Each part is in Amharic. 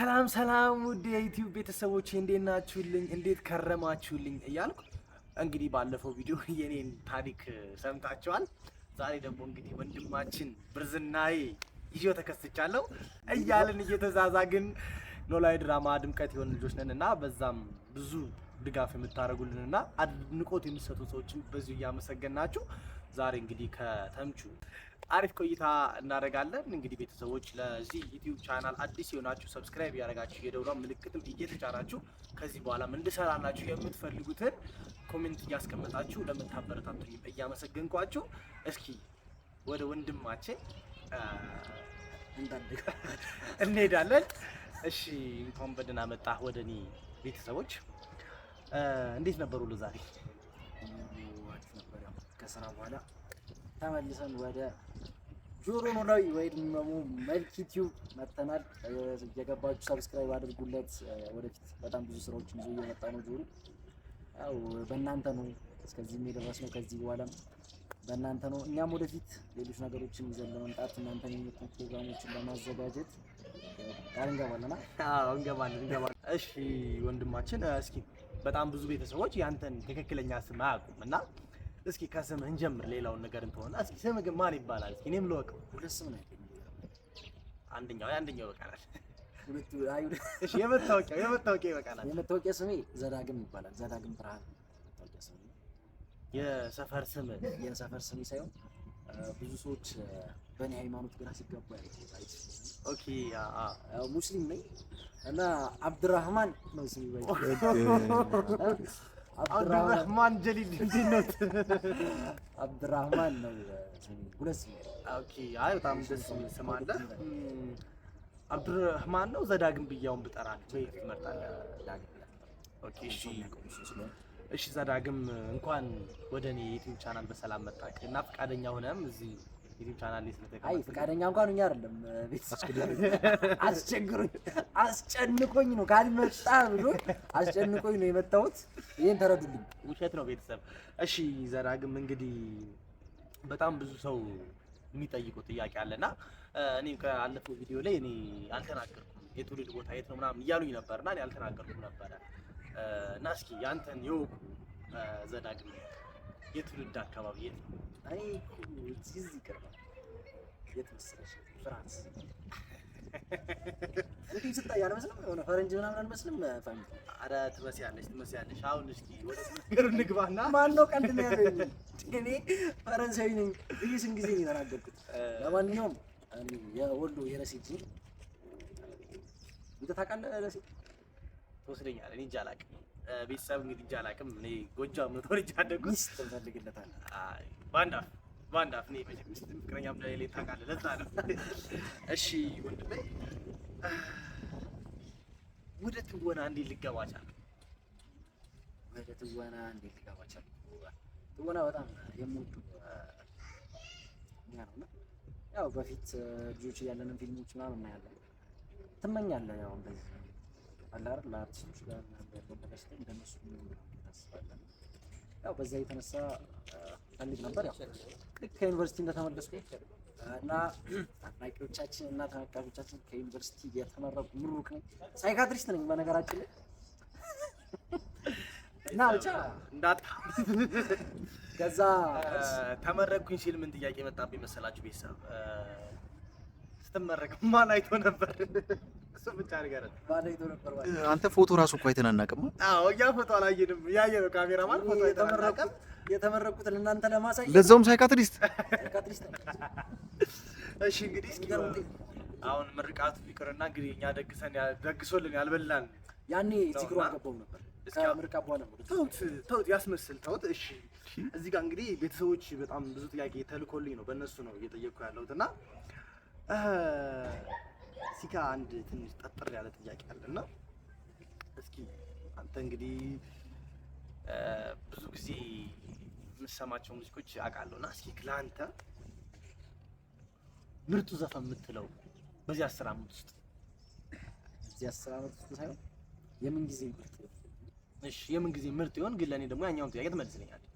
ሰላም ሰላም ውድ የዩቲዩብ ቤተሰቦች እንዴት ናችሁልኝ? እንዴት ከረማችሁልኝ? እያልኩ እንግዲህ ባለፈው ቪዲዮ የኔን ታሪክ ሰምታችኋል። ዛሬ ደግሞ እንግዲህ ወንድማችን ብርዝናዬ ይዤው ተከስቻለሁ እያልን እየተዛዛግን ኖላዊ ድራማ ድምቀት የሆን ልጆች ነን እና በዛም ብዙ ድጋፍ የምታደርጉልን እና አድንቆት የሚሰጡ ሰዎችን በዚሁ እያመሰገን ናችሁ። ዛሬ እንግዲህ ከተምቹ አሪፍ ቆይታ እናደርጋለን። እንግዲህ ቤተሰቦች ለዚህ ዩቲዩብ ቻናል አዲስ የሆናችሁ ሰብስክራይብ ያደረጋችሁ የደውሏን ምልክትም እየተጫናችሁ ከዚህ በኋላም እንድሰራላችሁ የምትፈልጉትን ኮሜንት እያስቀመጣችሁ ለምታበረታቱኝ እያመሰገንኳችሁ እስኪ ወደ ወንድማችን እንሄዳለን። እሺ እንኳን በደህና መጣህ ወደ እኔ። ቤተሰቦች እንዴት ነበሩ? ለዛሬ ከስራ በኋላ ተመልሰን ወደ ጆሮ ኖላዊ ወይ ደግሞ መልክ ዩቲዩብ መጥተናል። የገባችሁ ሰብስክራይብ አድርጉለት። ወደፊት በጣም ብዙ ስራዎችን ይዞ እየመጣ ነው። ጆሮ ያው በእናንተ ነው እስከዚህ የሚደረስ ነው። ከዚህ በኋላም በእናንተ ነው። እኛም ወደፊት ሌሎች ነገሮችን ይዘን ለመምጣት እናንተን የሚመጡ ፕሮግራሞችን ለማዘጋጀት ቃል እንገባለና እንገባለን እንገባለን። እሺ ወንድማችን፣ እስኪ በጣም ብዙ ቤተሰቦች ያንተን ትክክለኛ ስም አያውቁም እና እስኪ ከስምህ እንጀምር። ሌላውን ነገር እንተሆነ እስኪ ስምህ ግን ማን ይባላል? እስኪ እኔም ልወቀው። ሁለት ስም ነው። አንደኛው አንደኛው ይበቃናል። ሁለቱ አይ፣ እሺ፣ የመታወቂያው የመታወቂያው ይበቃናል። የመታወቂያ ስሜ ዘዳግም ይባላል። ዘዳግም ብርሃን የመታወቂያ ስሜ። የሰፈር ስም የሰፈር ስም ሳይሆን ብዙ ሰዎች በእኔ ሃይማኖት ግራ ሲገባ ያለች። ኦኬ አዎ፣ ሙስሊም ነኝ እና አብድራህማን ነው ስሜ። አብዱራህማን ጀሊል እንዴት ነው? አብዱራህማን ነው። ሁለት ስም ኦኬ። አይ በጣም ደስ የሚል ስም አለ። አብዱራህማን ነው። ዘዳግም ብያውን ብጠራል ወይ ትመርጣለህ? ኦኬ እሺ፣ እሺ ዘዳግም እንኳን ወደ እኔ የዩቲዩብ ቻናል በሰላም መጣህ እና ፈቃደኛ ሆነም እዚህ አይ ፈቃደኛ እንኳን እኛ አይደለም አስቸግሮኝ አስጨንቆኝ ነው ካልመጣ ብሎ አስጨንቆኝ ነው የመጣሁት። ይህን ተረዱልኝ። ውሸት ነው ቤተሰብ። እሺ ዘራግም እንግዲህ በጣም ብዙ ሰው የሚጠይቁ ጥያቄ አለና እኔ ከአለፈው ቪዲዮ ላይ እኔ አልተናገርኩም የትውልድ ቦታ የት ነው ምናምን እያሉኝ ነበርና እኔ አልተናገርኩም ነበረ እና እስኪ ያንተን የወቁ ዘዳግም የትውልድ አካባቢ የት ነው? እኔ እዚህ ይቀርባል። የት መሰለሽ? ፍራንስ። እንዲህ ስታይ አልመስልም? የሆነ ፈረንጅ ምናምን አልመስልም? ትመስያለሽ፣ ትመስያለሽ። አሁን እስኪ ወደ እንግባና ማን ነው ነው ያለኝ? እኔ ፈረንሳዊ ነኝ ብዬ ጊዜ የተናገርኩት። ለማንኛውም የወሎ የረሴ ታውቃለህ? ረሴ ትወስደኛለህ? እኔ እንጃ አላውቅም ቤተሰብ እንግዲህ እንጃ አላውቅም። እኔ ጎጃም ነው ተወልጄ ያደግኩት። ሚስት ፍቅረኛ እንደሌለኝ ታውቃለህ። ለዛ ነው። እሺ ወንድሜ ወደ ትወና እንዴት ልገባ ቻልክ? ወደ ትወና እንዴት ልገባ ቻልክ? ትወና በጣም ነው ያው በፊት ልጆች እያለንም ፊልሞች ምናምን እናያለን። ትመኛለህ ያው እንደዚህ ለአርቲስቶች ጋር ተነስተን እንደነሱ ያው በዛ የተነሳ ፈልግ ነበር ያው ልክ ከዩኒቨርሲቲ እንደተመለስኩ እና አድናቂዎቻችን እና ተመልካቾቻችን ከዩኒቨርሲቲ የተመረቁ ምሩቅ ነኝ፣ ሳይካትሪስት ነኝ በነገራችን ላይ እና ብቻ እንዳጣ ከዛ ተመረቅኩኝ ሲል ምን ጥያቄ መጣብኝ መሰላችሁ? ቤተሰብ ስትመረቅ ማን አይቶ ነበር? አንተ ፎቶ ራሱ እኮ አይተን አናውቅም። አዎ እኛ ፎቶ አላየንም። ያየ ነው ካሜራማን ፎቶ የተመረቁት የተመረቁት ለእናንተ ለማሳየት ለዛውም ሳይካትሪስት ሳይካትሪስት። እሺ እንግዲህ እስኪ አሁን ምርቃቱ ይቅርና እንግዲህ እኛ ደግሰን ደግሶልን ያልበላን ያኔ ዚግሮ አልገባሁም ነበር። ከምርቃ በኋላ ተውት ተውት፣ ያስመስል ተውት። እሺ እዚህ ጋር እንግዲህ ቤተሰቦች በጣም ብዙ ጥያቄ ተልኮልኝ ነው በእነሱ ነው እየጠየቅኩ ያለሁት እና ሲካ አንድ ትንሽ ጠጠር ያለ ጥያቄ አለና እስኪ አንተ እንግዲህ ብዙ ጊዜ የምትሰማቸው ሙዚቆች አውቃለሁ እስኪ ለአንተ ምርጡ ዘፈን የምትለው በዚህ አስር ዓመት ውስጥ በዚህ አስር አመት ውስጥ ሳይሆን የምን ጊዜ ምርጥ ይሆን? እሺ የምን ጊዜ ምርጥ ይሆን? ግን ለእኔ ደግሞ ያኛውን ጥያቄ ትመልስልኛለህ።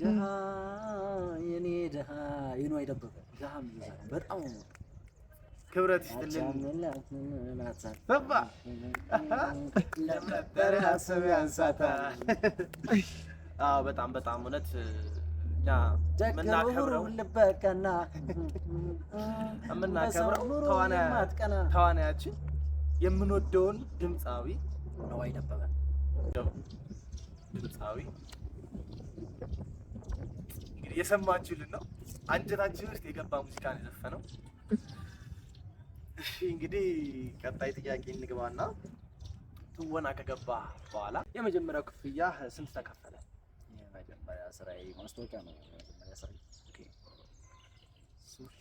ድሀ የኔ ድሀ ይኖ አይደበቀ ድሀም በጣም ክብረት ስትልንበረ ሰብ ያንሳታል። በጣም በጣም እውነት ምናከብረው ልበቀና የምናከብረው ተዋናያችን የምንወደውን ድምፃዊ ነው አይደበቀ ግብፃዊ እንግዲህ የሰማችሁልን ነው። አንጀታችን ውስጥ የገባ ሙዚቃ ነው የዘፈነው። እሺ እንግዲህ ቀጣይ ጥያቄ እንግባና ትወና ከገባ በኋላ የመጀመሪያው ክፍያ ስንት ተከፈለ? የመጀመሪያ ስራዬ ማስታወቂያ ነው። የመጀመሪያ ስራዬ ሶሺ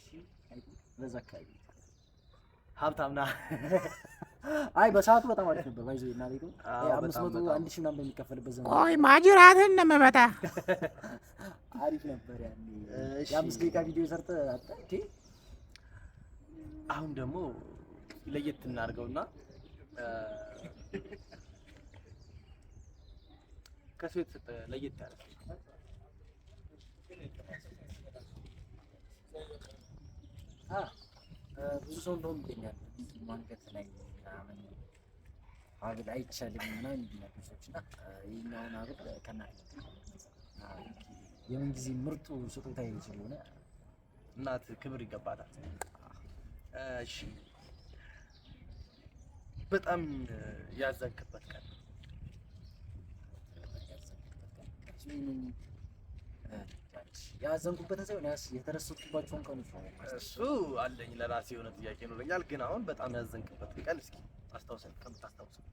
በዛ አካባቢ ሀብታም አይ በሰዓቱ በጣም አሪፍ ነበር። ባይዞ እና ሌሎ አምስት መቶ አንድ ሺህ ምናምን በሚከፈልበት ዘመን ቆይ ማጅራትን መበታ አሪፍ ነበር። ያኔ የአምስት ደቂቃ ቪዲዮ ሰርተህ አሁን ደግሞ ለየት እናድርገውና ከሴት የተሰጠ ለየት ያለ ብዙ ሰው እንደሆነ ይገኛል ማንገት ላይ ምናምን ሀብል አይቻልም ምናምን የሚሉ እና ይህኛውን ሀብል ከእናት የምን ጊዜ ምርጡ ስጦታ ስለሆነ እናት ክብር ይገባታል። እሺ፣ በጣም ያዘንክበት ቀን ያዘንክበት ቀን ያዘንኩበትን ሳይሆን የተደሰትኩባቸውን ቀኖች ነው። እሱ አለኝ ለራሴ የሆነ ጥያቄ ይኖረኛል፣ ግን አሁን በጣም ያዘንክበት ቀን እስኪ አስታውሰን ከምታስታውሰው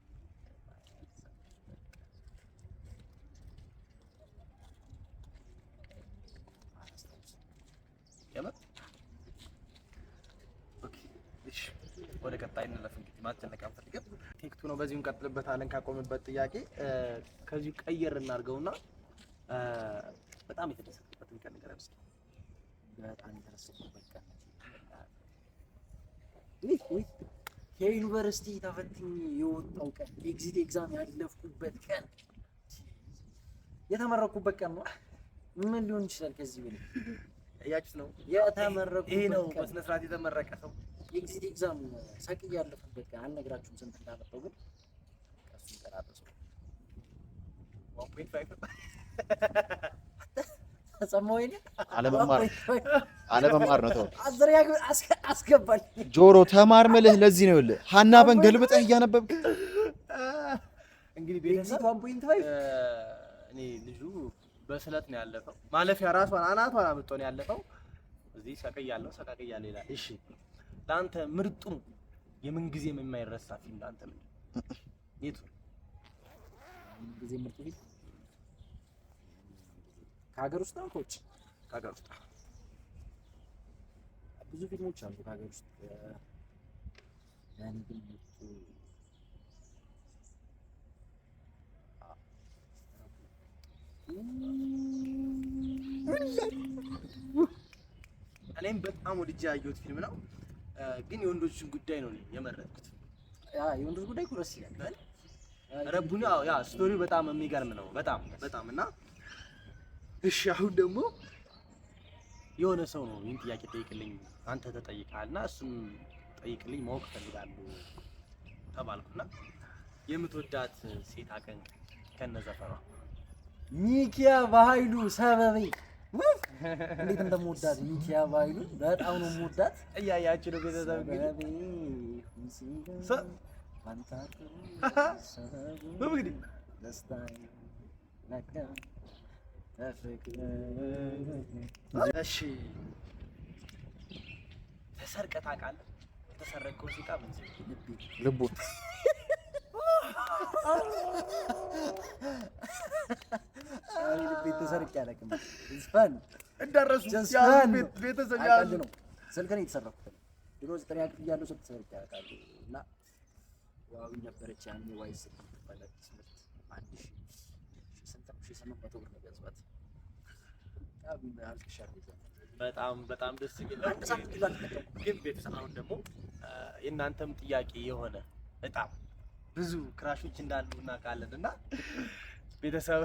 ወደ ቀጣይ እንለፍ። እንግዲህ ማጨነቅ አንፈልግም። ቴክቱ ነው። በዚሁ እንቀጥልበታለን ካቆምበት ጥያቄ ከዚሁ ቀየር እናድርገውና በጣም የተደሰተ የተደሰትኩበትን ቀን ንገረን እስኪ። በጣም የተደሰትኩበት ቀን ከዩኒቨርሲቲ ተፈትኝ የወጣው ቀን፣ ኤግዚት ኤግዛም ያለፍኩበት ቀን፣ የተመረኩበት ቀን ነው። ምን ሊሆን ይችላል ከዚህ በላይ? እያችሁት ነው የተመረኩበት። ይሄ ነው በስነ ስርዓት የተመረቀ ሰው። ኤግዚት ኤግዛም ሰቅ ያለፍኩበት ቀን አልነግራችሁም ስንት እንዳመጣው ግን ቀሱ ይቀራረሱ አለመማር ነው። አስገባል ጆሮ ተማር መልህ ለዚህ ነው ይኸውልህ፣ ሀና በን ገልብጠህ እያነበብክ እንግዲህ እኔ ልጁ በስለት ነው ያለፈው። ማለፊያ ራሷን አናቷን አምጥቶ ነው ያለፈው። እዚህ ሰቀያለሁ ሰቀቀያለሁ ይላል። እሺ ለአንተ ምርጡ የምንጊዜም የማይረሳ ፊልም ለአንተ ምንድን ነው? የቱ ምንጊዜም ምርጡ ፊልም ከሀገር ውስጥ ነው ከውጭ? ከሀገር ውስጥ ብዙ ፊልሞች አሉ ከሀገር ውስጥ እኔም በጣም ወድጄ ያየሁት ፊልም ነው፣ ግን የወንዶችን ጉዳይ ነው የመረጥኩት። የወንዶች ጉዳይ እኮ ደስ ይላል። ረቡኒ ስቶሪው በጣም የሚገርም ነው። በጣም በጣም እና እሺ አሁን ደግሞ የሆነ ሰው ነው ይህን ጥያቄ ጠይቅልኝ አንተ ተጠይቀሃልና እሱም ጠይቅልኝ ማወቅ እፈልጋለሁ ተባልኩና የምትወዳት ሴት አቀንቅ ከነዘፈሯ ሚኪያ በኃይሉ ሰበቤ እንዴት እንደምወዳት ሚኪያ በኃይሉ በጣም ነው የምወዳት። እያያችሁ ነው ቤተሰብ እንግዲህ እሺ ተሰርቀህ ታውቃለህ? የተሰረቀው ሲቃ ልቡ ቤት ተሰርቄ አላውቅም። እንዳረሱ ቤተሰብ ነው። ስልክ ነው የተሰረኩት። ድሮ ዘጠነኛ ክፍል እያለሁ ስልክ ተሰርቄ አላውቅም እና ዋዊ ነበረች ያኔ ዋይ ስልክ ትባላለች። አንድ ሺህ ስንት ሺህ ስምንት መቶ ብር ነው ገዛኋት። በጣም በጣም ደስ የሚል ግን ቤተሰብ አሁን ደግሞ የእናንተም ጥያቄ የሆነ በጣም ብዙ ክራሾች እንዳሉ እናውቃለን እና ቤተሰብ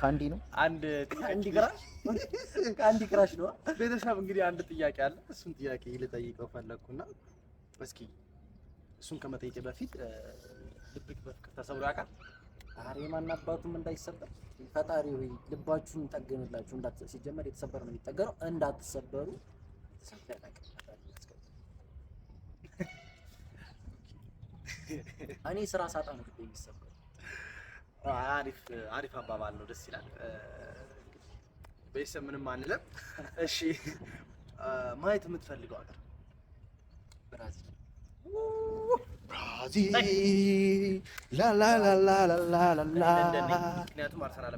ከአንዲ ነው አንድ ከአንዲ ክራሽ ከአንዲ ክራሽ ነው። ቤተሰብ እንግዲህ አንድ ጥያቄ አለ። እሱን ጥያቄ ልጠይቀው ፈለግኩና እስኪ እሱን ከመጠየቅ በፊት ልብቅ በፍቅር ተሰብሮ ያውቃል አሬ ማናባቱም እንዳይሰበር ፈጣሪ ሆይ ልባችሁን ጠገንላችሁ። እንዳት ሲጀመር የተሰበረ ነው የሚጠገነው፣ እንዳትሰበሩ እኔ ስራ ሳጣ ነው ግዴ የሚሰበሩ። አሪፍ አሪፍ አባባል ነው፣ ደስ ይላል። ቤተሰብ ምንም አንለም። እሺ ማየት የምትፈልገው ሀገር ብራዚል አርሰናል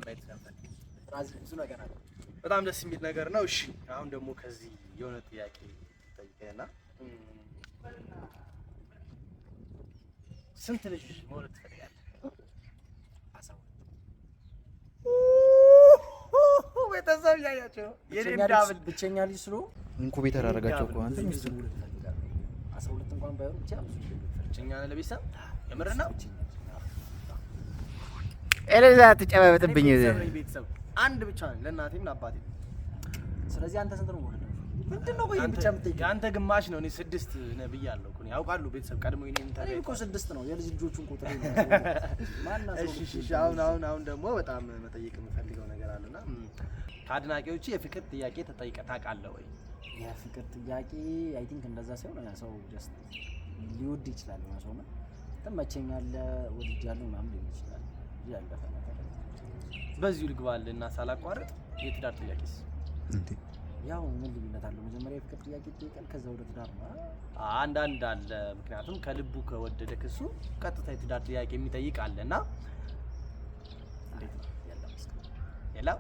በጣም ደስ የሚል ነገር ነው። እሺ አሁን ደግሞ ከዚህ የሆነ ጥያቄ ጠይቀና ስንት ልጅ መውለድ ትፈልጋለህ? ቤተሰብ እያያቸው ብቸኛ ልጅ ስለሆንኩ ኢንኩቤተር አደረጋቸው እኮ አንተ እንኳን ባይሆን ብቻ ብዙ ፍርጭኛ ነው ለቤተሰብ የምር ነው። ኤሌዛ ትጨባበጥብኝ ቤተሰብ አንድ ብቻ ነው ለእናቴም ለአባቴ። ስለዚህ አንተ ስንት ነው? ምንድን ነው ቆይ ብቻ የምትጠይቀው? የአንተ ግማሽ ነው። እኔ ስድስት ነህ ብያለሁ እኮ ያውቃሉ ቤተሰብ ቀድሞ እኔ እኮ ስድስት ነው የልጅ ልጆቹን ቁጥር። ነው እሺ እሺ አሁን አሁን አሁን ደግሞ በጣም መጠየቅ የምፈልገው ነገር አለና ከአድናቂዎቹ የፍቅር ጥያቄ ተጠይቀ ታውቃለህ ወይ? የፍቅር ጥያቄ አይ ቲንክ እንደዛ ሳይሆን ሰው ጀስት ሊወድ ይችላል። ሆነ ሰው ተመቸኛለ ወድጃለሁ ምናምን ሊሆን ይችላል። ያለፈ ነገር በዚሁ ልግባል እና ሳላቋርጥ የትዳር ጥያቄስ ያው ምን ልዩነት አለው? መጀመሪያ የፍቅር ጥያቄ ይጠይቃል፣ ከዛ ወደ ትዳር ነው። አንዳንድ አለ ምክንያቱም ከልቡ ከወደደ ክሱ ቀጥታ የትዳር ጥያቄ የሚጠይቅ አለ እና የለም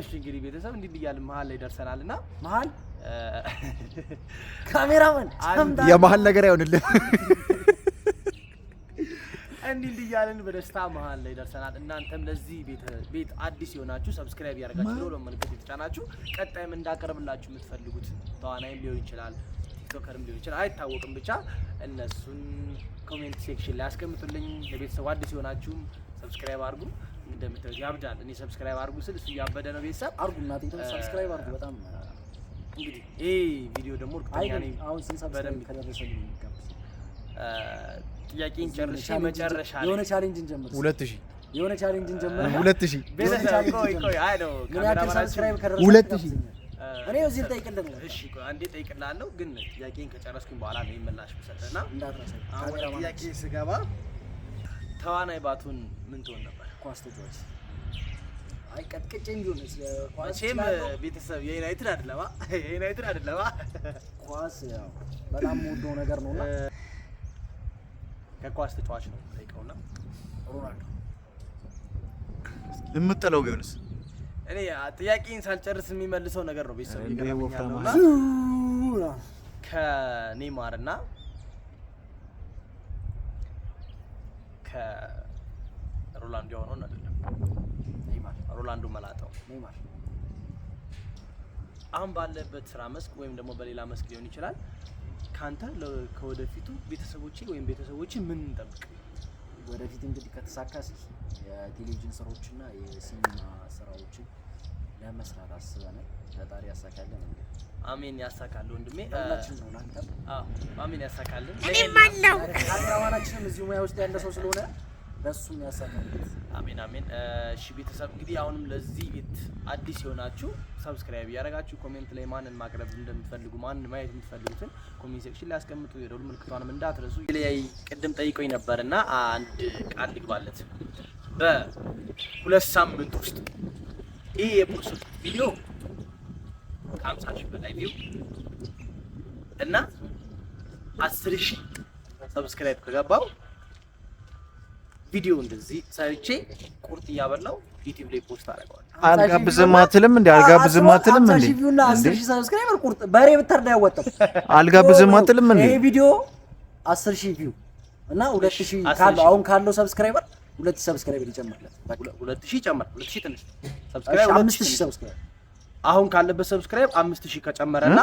እሺ እንግዲህ ቤተሰብ እንዲህ ብያለሁ። መሀል ላይ ደርሰናል እና መሀል ካሜራማን የመሀል ነገር አይሆንልህ። እንዲህ እንዲህ እያልን በደስታ መሀል ላይ ደርሰናል። እናንተም ለዚህ ቤት አዲስ የሆናችሁ ሰብስክራይብ ያደርጋችሁ ዶሎ መልክት የተጫናችሁ ቀጣይም እንዳቀርብላችሁ የምትፈልጉት ተዋናይም ሊሆን ይችላል ቲክቶከርም ሊሆን ይችላል አይታወቅም። ብቻ እነሱን ኮሜንት ሴክሽን ላይ አስቀምጡልኝ። ለቤተሰቡ አዲስ የሆናችሁም ሰብስክራይብ አድርጉ። እንደምታዩት ያብዳል። እኔ ሰብስክራይብ አድርጉ ስል እሱ እያበደ ነው። ቤተሰብ አድርጉ፣ እናቴ ሰብስክራይብ አድርጉ። በጣም እንግዲህ ይሄ ቪዲዮ ደግሞ እርግጠኛ ነኝ አሁን ስንት ሰብስክራይብ ነው የሚጋብዝ ጥያቄን ጨርሼ መጨረሻ ላይ የሆነ ቻሌንጅ እንጀምር። ሁለት ሺህ የሆነ ቻሌንጅ እንጀምር። ሁለት ሺህ ቤተሰብ ቆይ ቆይ፣ አይ ነው ካሜራ ሰብስክራይብ ከደረሰኝ ሁለት ሺህ እኔ እዚህ ልጠይቅልህ ነው። እሺ አንዴ እጠይቅልሃለሁ፣ ግን ጥያቄን ከጨረስኩኝ በኋላ ነው የምላሽ ብሰጥህ እና አሁን ጥያቄ ስገባ ተዋናይ ባቱን ምን ትሆን ነበር? ኳስ ተጫዋች አይ ቀጥቅጬ እንዲሆን ኳስ ቤተሰብ የዩናይትድ አይደለማ የዩናይትድ አይደለማ ኳስ ያው በጣም የምወደው ነገር ነው እና ከኳስ ተጫዋች ነው ጠይቀውና ሮናልዶ የምጠለው ቢሆንስ እኔ ጥያቄን ሳልጨርስ የሚመልሰው ነገር ነው ቤተሰብ ከኔማር እና ሮላንዶ የሆነውን አይደለም። ሮላንዶ መላጠው አሁን ባለበት ስራ መስክ ወይም ደግሞ በሌላ መስክ ሊሆን ይችላል። ከአንተ ከወደፊቱ ቤተሰቦች ወይም ቤተሰቦቼ ምን እንጠብቅ? ወደፊት እንግዲህ ከተሳካ የቴሌቪዥን ስራዎችና የሲኒማ ስራዎችን ለመስራት አስበናል። ፈጣሪ ያሳካልን። አሜን። ያሳካል ወንድሜ፣ አሜን ያሳካልን። እኔም አለው አሁናችንም እዚሁ ሙያ ውስጥ ያለ ሰው ስለሆነ በሱም ያሳምሩት። አሜን አሜን። እሺ ቤተሰብ እንግዲህ አሁንም ለዚህ ቤት አዲስ የሆናችሁ ሰብስክራይብ እያደረጋችሁ ኮሜንት ላይ ማንን ማቅረብ እንደምትፈልጉ ማንን ማየት የምትፈልጉትን ኮሜንት ሴክሽን ላይ አስቀምጡ። የደውል ምልክቷንም እንዳትረሱ። ላይ ቅድም ጠይቆኝ ነበር እና አንድ ቃል ልግባለት በሁለት ሳምንት ውስጥ ይህ የፖስት ቪዲዮ ከሀምሳ ሺህ በላይ ቪው እና አስር ሺህ ሰብስክራይብ ከገባው ቪዲዮ እንደዚህ ሰርቼ ቁርጥ እያበላው ዩቲዩብ ላይ ፖስት አደርገዋለሁ። አልጋብዝም አትልም እንዴ? አልጋብዝም አትልም እንዴ? አስር ሺህ ሰብስክራይበር ቁርጥ በሬ ብታርዳ ያወጣው። አልጋብዝም አትልም እንዴ? ይሄ ቪዲዮ አስር ሺህ ቪው እና ሁለት ሺህ ካለው አሁን ካለው ሰብስክራይበር ሁለት ሺህ ሰብስክራይበር ይጨምራል። ሁለት ሺህ ይጨምራል። ሁለት ሺህ ትንሽ ሰብስክራይበር አምስት ሺህ ሰብስክራይበር አሁን ካለበት ሰብስክራይብ አምስት ሺህ ከጨመረና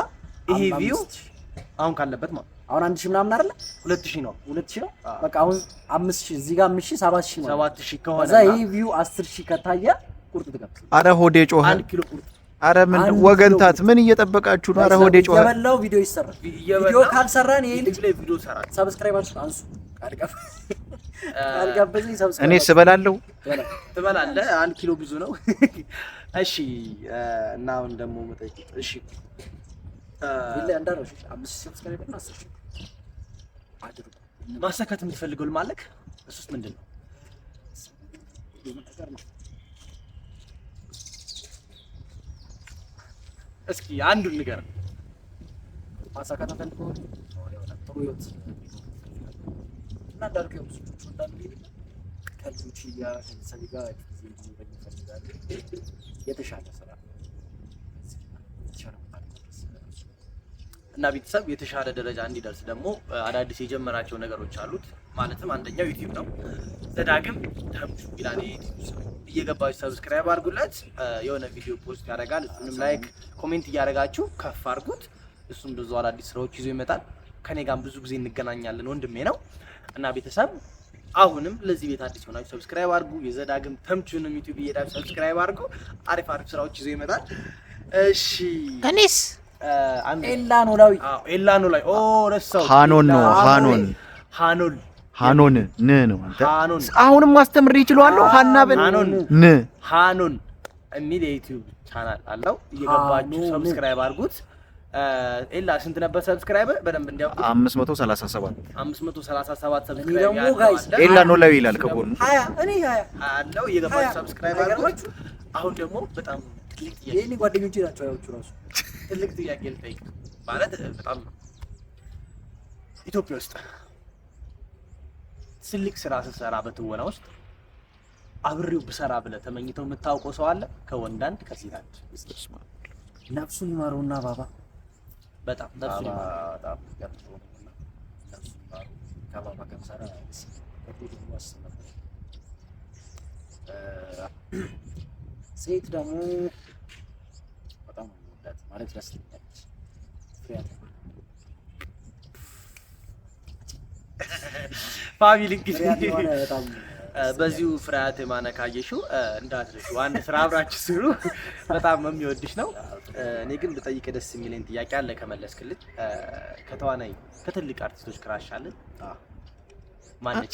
ይሄ ቪው አሁን ካለበት ማለት አሁን አንድ ሺህ ምናምን አይደለ? ሁለት ሺህ ነው፣ ሁለት ሺህ ነው። በቃ አሁን አምስት ሺህ እዚህ ጋር አምስት ሺህ ሰባት ሺህ ነው። ሰባት ሺህ ከሆነ እዛ ይህ ቪው አስር ሺህ ከታየ ቁርጥ ትገብ። አረ ሆዴ ጮኸ። አንድ ኪሎ ቁርጥ አረ ምን ወገንታት ምን እየጠበቃችሁ ነው? አረ ሆዴ ጮኸ። የበላው ቪዲዮ ይሰራል። ቪዲዮ ካልሰራን ይሄ ልጅ ላይ ቪዲዮ ይሰራል። ሰብስክራይብ አንሱ አንሱ። ካልጋበዘኝ ሰብስክራይብ እኔ ስበላለሁ። ትበላለህ። አንድ ኪሎ ብዙ ነው። እሺ እና አሁን ደግሞ መጠይቅ እሺ ማሳካት የምትፈልገው ልማለክ እሱ ውስጥ ምንድን ነው? እስኪ አንዱን ንገር። ማሳካት ፈልገው እና እንዳልከው ከልጆች ጋር የተሻለ ስራ እና ቤተሰብ የተሻለ ደረጃ እንዲደርስ ደግሞ አዳዲስ የጀመራቸው ነገሮች አሉት። ማለትም አንደኛው ዩቲዩብ ነው። ዘዳግም ተምቹ ይላል እየገባችሁ ሰብስክራይብ አድርጉለት። የሆነ ቪዲዮ ፖስት ያደርጋል። እሱንም ላይክ ኮሜንት እያደረጋችሁ ከፍ አድርጉት። እሱም ብዙ አዳዲስ ስራዎች ይዞ ይመጣል። ከኔ ጋርም ብዙ ጊዜ እንገናኛለን። ወንድሜ ነው እና ቤተሰብ አሁንም ለዚህ ቤት አዲስ ሆናችሁ ሰብስክራይብ አድርጉ። የዘዳግም ተምቹንም ዩቲዩብ እየሄዳችሁ ሰብስክራይብ አድርጉ። አሪፍ አሪፍ ስራዎች ይዞ ይመጣል። እሺ እኔስ ኤላ ኖላዊ ኤላ ኖላዊ ኦ ሃኖን ነው ሃኖን ሃኖን ሃኖን ን ነው አንተ አሁንም ማስተምር ይችላልው ሃናብን ን ሃኖን የሚል የዩቲዩብ ቻናል አለው። እየገባችሁ ሰብስክራይብ አድርጉት። ኤላ ስንት ነበር ሰብስክራይበር? በደንብ እንዲያውቁ 537 537 ኤላ ይላል ከጎኑ እኔ አለው። እየገባችሁ ሰብስክራይብ አድርጉት። አሁን ደግሞ በጣም ይህን ጓደኞቼ ናቸው ያዎቹ ራሱ። ትልቅ ጥያቄ ልጠይቅ ማለት በጣም ኢትዮጵያ ውስጥ ትልቅ ስራ ስሰራ በትወና ውስጥ አብሬው ብሰራ ብለህ ተመኝተው የምታውቀው ሰው አለ? ከወንድ አንድ ከሴት አንድ። ነፍሱን ይማረውና ባባ በጣም ነፍሱን ይማረው። ሴት ደግሞ አላት ማለት ረስልኛለች። ፋሚሊ እንግዲህ በዚሁ ፍርሃት የማነ ካየሽው እንዳትረሺው አንድ ስራ አብራችሁ ስሩ። በጣም የሚወድሽ ነው። እኔ ግን ብጠይቅ ደስ የሚለኝ ጥያቄ አለ ከመለስክልኝ። ከተዋናይ ከትልቅ አርቲስቶች ክራሽ አለን ማነች?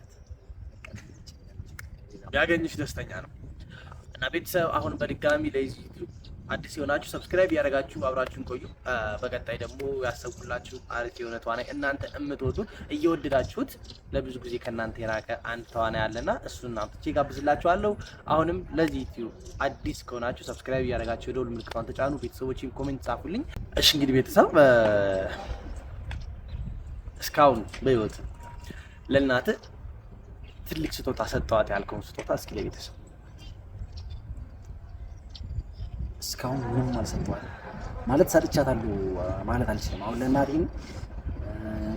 ቢያገኝሽ ደስተኛ ነው እና ቤተሰብ አሁን በድጋሚ ለዚህ አዲስ የሆናችሁ ሰብስክራይብ ያደረጋችሁ አብራችሁን ቆዩ። በቀጣይ ደግሞ ያሰብኩላችሁ አሪፍ የሆነ ተዋናይ እናንተ እምትወዱ እየወደዳችሁት ለብዙ ጊዜ ከእናንተ የራቀ አንድ ተዋናይ ያለና እሱን አምጥቼ ጋብዝላችኋለሁ። አሁንም ለዚህ ዩቲዩብ አዲስ ከሆናችሁ ሰብስክራይብ እያደረጋችሁ የደወል ምልክቷን ተጫኑ። ቤተሰቦችም ኮሜንት ጻፉልኝ። እሺ እንግዲህ ቤተሰብ እስካሁን በህይወት ለእናትህ ትልቅ ስጦታ ሰጠዋት ያልከውን ስጦታ እስኪ ለቤተሰብ እስካሁን ምንም አልሰጠዋል ማለት ሰጥቻታለሁ ማለት አልችልም። አሁን ለእናቴም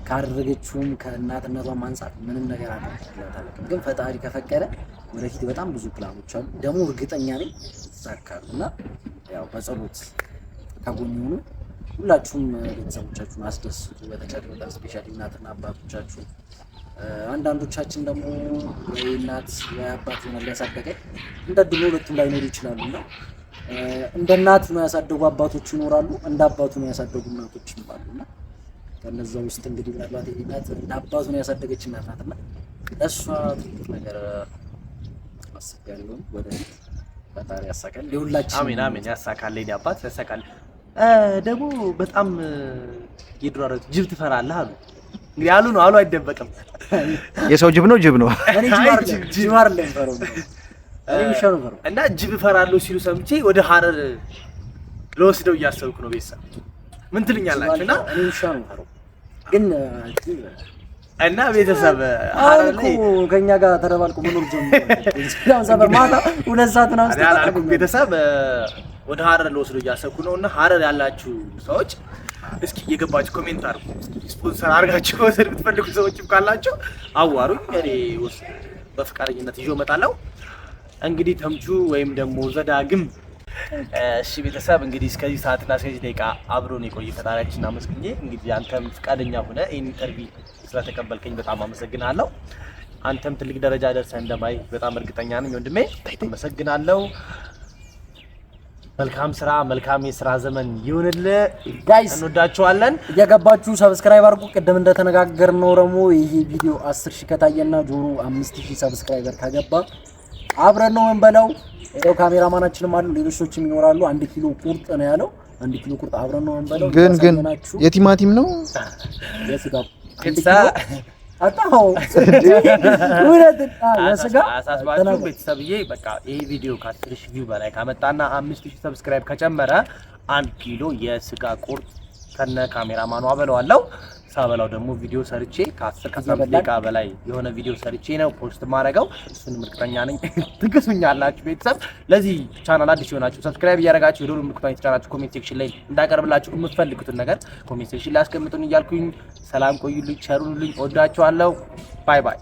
ካደረገችውም ከእናትነቷ አንጻር ምንም ነገር አላደረግላታለሁ። ግን ፈጣሪ ከፈቀደ ወደፊት በጣም ብዙ ፕላኖች አሉ። ደግሞ እርግጠኛ ነኝ ይሳካሉ እና ያው በጸሎት ከጎን ሆኑ። ሁላችሁም ቤተሰቦቻችሁን አስደስቱ። በተቻለ መጠን ስፔሻሊ እናትና አባቶቻችሁ አንዳንዶቻችን ደግሞ ወይ እናት ወይ አባት ሆነ ያሳደገን እንደ ድሎ ሁለቱም ላይኖሩ ይችላሉ እና እንደ እናት ነው ያሳደጉ አባቶች ይኖራሉ፣ እንደ አባቱ ነው ያሳደጉ እናቶች ይኖራሉ እና ከነዚ ውስጥ እንግዲህ ምናልባት እናት እንደ አባቱ ነው ያሳደገች እናት ናት እና ለእሷ ትልቅ ነገር አስቤያለሁ። ወደፊት ፈጣሪ ያሳካል፣ የሁላችን አሜን አሜን። ያሳካል፣ ሌዲ አባት ያሳካል። ደግሞ በጣም የዱር አራዊት ጅብ ትፈራለህ አሉ እንግዲህ አሉ ነው አሉ አይደበቅም። የሰው ጅብ ነው ጅብ ነው እና ጅብ እፈራለሁ ሲሉ ሰምቼ ወደ ሀረር ለወስደው እያሰብኩ ነው። ቤተሰብ ምን ትልኛላችሁ? ግን እና ቤተሰብ ከኛ ጋር ተደባልቁ መኖር ጀምሮ ቤተሰብ ወደ ሀረር ለወስደው እያሰብኩ ነው። እና ሀረር ያላችሁ ሰዎች እስኪ እየገባችሁ ኮሜንት አድርጉ። ስፖንሰር አድርጋችሁ መውሰድ የምትፈልጉ ሰዎችም ካላቸው አዋሩኝ። እኔ ውስጥ በፈቃደኝነት ይዤ እመጣለሁ። እንግዲህ ተምቹ ወይም ደግሞ ዘዳግም እሺ ቤተሰብ እንግዲህ እስከዚህ ሰዓትና እስከዚህ ደቂቃ አብሮን የቆየ ፈጣሪያችን አመስግኜ እንግዲህ አንተም ፈቃደኛ ሆነ ይህን ኢንተርቪው ስለተቀበልከኝ በጣም አመሰግናለሁ። አንተም ትልቅ ደረጃ ደርሰህ እንደማይ በጣም እርግጠኛ ነኝ ወንድሜ። አመሰግናለሁ። መልካም ስራ፣ መልካም የስራ ዘመን ይሁንል። ጋይስ እንወዳችኋለን። እየገባችሁ ሰብስክራይብ አድርጉ። ቅድም እንደተነጋገርነው ደግሞ ይሄ ቪዲዮ 10 ሺህ ከታየና ጆሮ 5000 ሰብስክራይበር ከገባ አብረን ነው እንበለው። ይሄው ካሜራማናችንም አሉ፣ ሌሎች ይኖራሉ። አንድ ኪሎ ቁርጥ ነው ያለው። አንድ ኪሎ ቁርጥ አብረን ነው እንበለው። ግን ግን የቲማቲም ነው አጣው አሳስባችሁ ቤተሰብዬ፣ በቃ ይሄ ቪዲዮ ሺህ ቪው በላይ ካመጣና አምስት ሺህ ሰብስክራይብ ከጨመረ አንድ ኪሎ የስጋ ቁርጥ ከነ ካሜራማኑ አበለዋለሁ። ሳበላው ደግሞ ቪዲዮ ሰርቼ ከአስር ከአምስት ደቂቃ በላይ የሆነ ቪዲዮ ሰርቼ ነው ፖስት ማድረገው። እሱን ምርቅተኛ ነኝ። ትግሱኛላችሁ ቤተሰብ። ለዚህ ቻናል አዲስ የሆናችሁ ሰብስክራይብ እያደረጋችሁ የዶሉ ምልክቷን የተጫናችሁ ኮሜንት ሴክሽን ላይ እንዳቀርብላችሁ የምትፈልጉትን ነገር ኮሜንት ሴክሽን ላይ አስቀምጡን እያልኩኝ ሰላም ቆዩልኝ፣ ቸሩልኝ፣ ወዳችኋለሁ። ባይ ባይ።